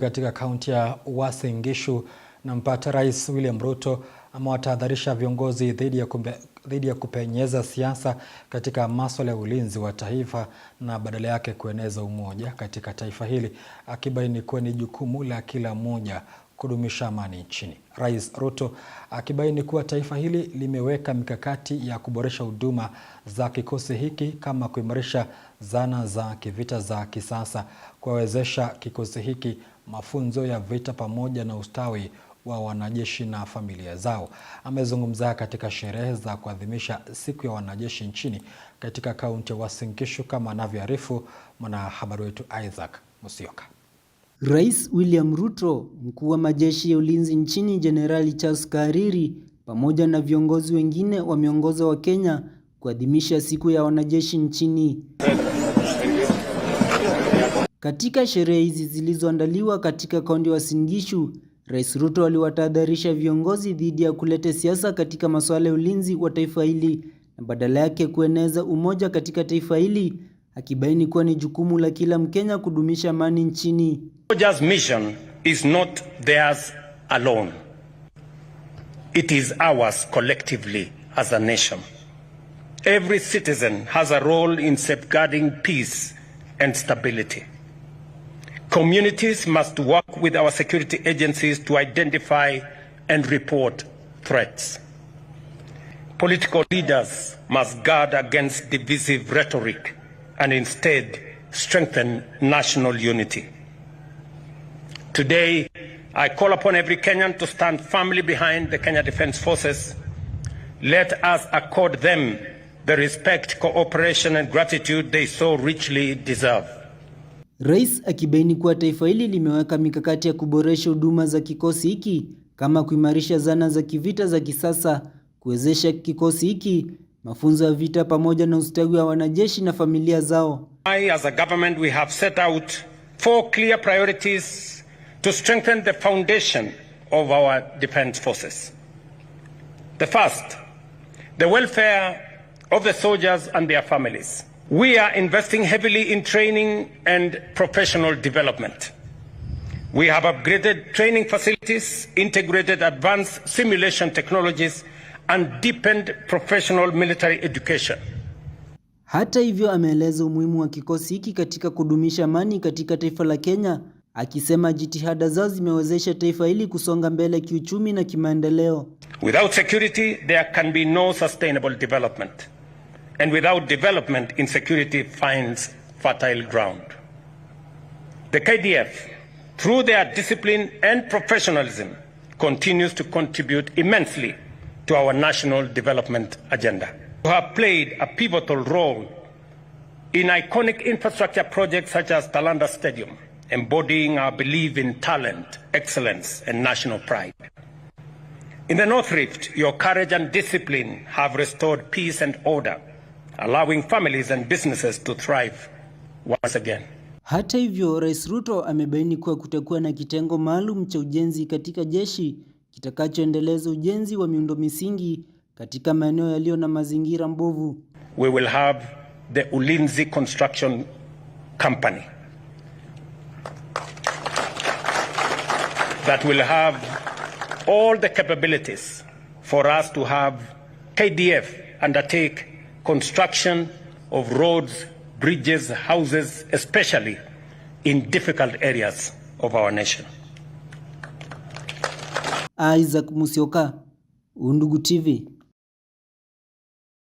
Katika kaunti ya Uasin Gishu, nampata Rais William Ruto amewatahadharisha viongozi dhidi ya kupenyeza siasa katika masuala ya ulinzi wa taifa na badala yake kueneza umoja katika taifa hili, akibaini kuwa ni jukumu la kila mmoja kudumisha amani nchini. Rais Ruto akibaini kuwa taifa hili limeweka mikakati ya kuboresha huduma za kikosi hiki kama kuimarisha zana za kivita za kisasa, kuwawezesha kikosi hiki mafunzo ya vita pamoja na ustawi wa wanajeshi na familia zao. Amezungumza katika sherehe za kuadhimisha siku ya wanajeshi nchini katika kaunti ya Uasin Gishu kama anavyoarifu mwanahabari wetu Isaac Musioka. Rais William Ruto, mkuu wa majeshi ya ulinzi nchini Jenerali Charles Kariri pamoja na viongozi wengine wameongoza wa Kenya kuadhimisha siku ya wanajeshi nchini. Katika sherehe hizi zilizoandaliwa katika kaunti ya Uasin Gishu, Rais Ruto aliwatahadharisha viongozi dhidi ya kuleta siasa katika masuala ya ulinzi wa taifa hili na badala yake kueneza umoja katika taifa hili, akibaini kuwa ni jukumu la kila Mkenya kudumisha amani nchini. Soldier's mission is not theirs alone. It is ours collectively as a nation. Every citizen has a role in safeguarding peace and stability. Communities must work with our security agencies to identify and report threats. Political leaders must guard against divisive rhetoric and instead strengthen national unity. Today, I call upon every Kenyan to stand firmly behind the Kenya Defence Forces. Let us accord them the respect, cooperation, and gratitude they so richly deserve. Rais akibaini kuwa taifa hili limeweka mikakati ya kuboresha huduma za kikosi hiki kama kuimarisha zana za kivita za kisasa, kuwezesha kikosi hiki mafunzo ya vita pamoja na ustawi wa wanajeshi na familia zao. I, As a government we have set out four clear priorities to strengthen the foundation of our defense forces. The first, the welfare of the soldiers and their families. We are investing heavily in training and professional development. We have upgraded training facilities, integrated advanced simulation technologies, and deepened professional military education. Hata hivyo, ameeleza umuhimu wa kikosi hiki katika kudumisha amani katika taifa la Kenya, akisema jitihada zao zimewezesha taifa hili kusonga mbele kiuchumi na kimaendeleo. Without security, there can be no sustainable development. and without development, insecurity finds fertile ground. The KDF, through their discipline and professionalism, continues to contribute immensely to our national development agenda. You have played a pivotal role in iconic infrastructure projects such as Talanda Stadium, embodying our belief in talent, excellence, and national pride. In the North Rift, your courage and discipline have restored peace and order allowing families and businesses to thrive once again. Hata hivyo, Rais Ruto amebaini kuwa kutakuwa na kitengo maalum cha ujenzi katika jeshi kitakachoendeleza ujenzi wa miundo misingi katika maeneo yaliyo na mazingira mbovu. We will have the Ulinzi Construction Company that will have all the capabilities for us to have KDF undertake construction of roads, bridges, houses, especially in difficult areas of our nation. Isaac Musyoka, Undugu TV.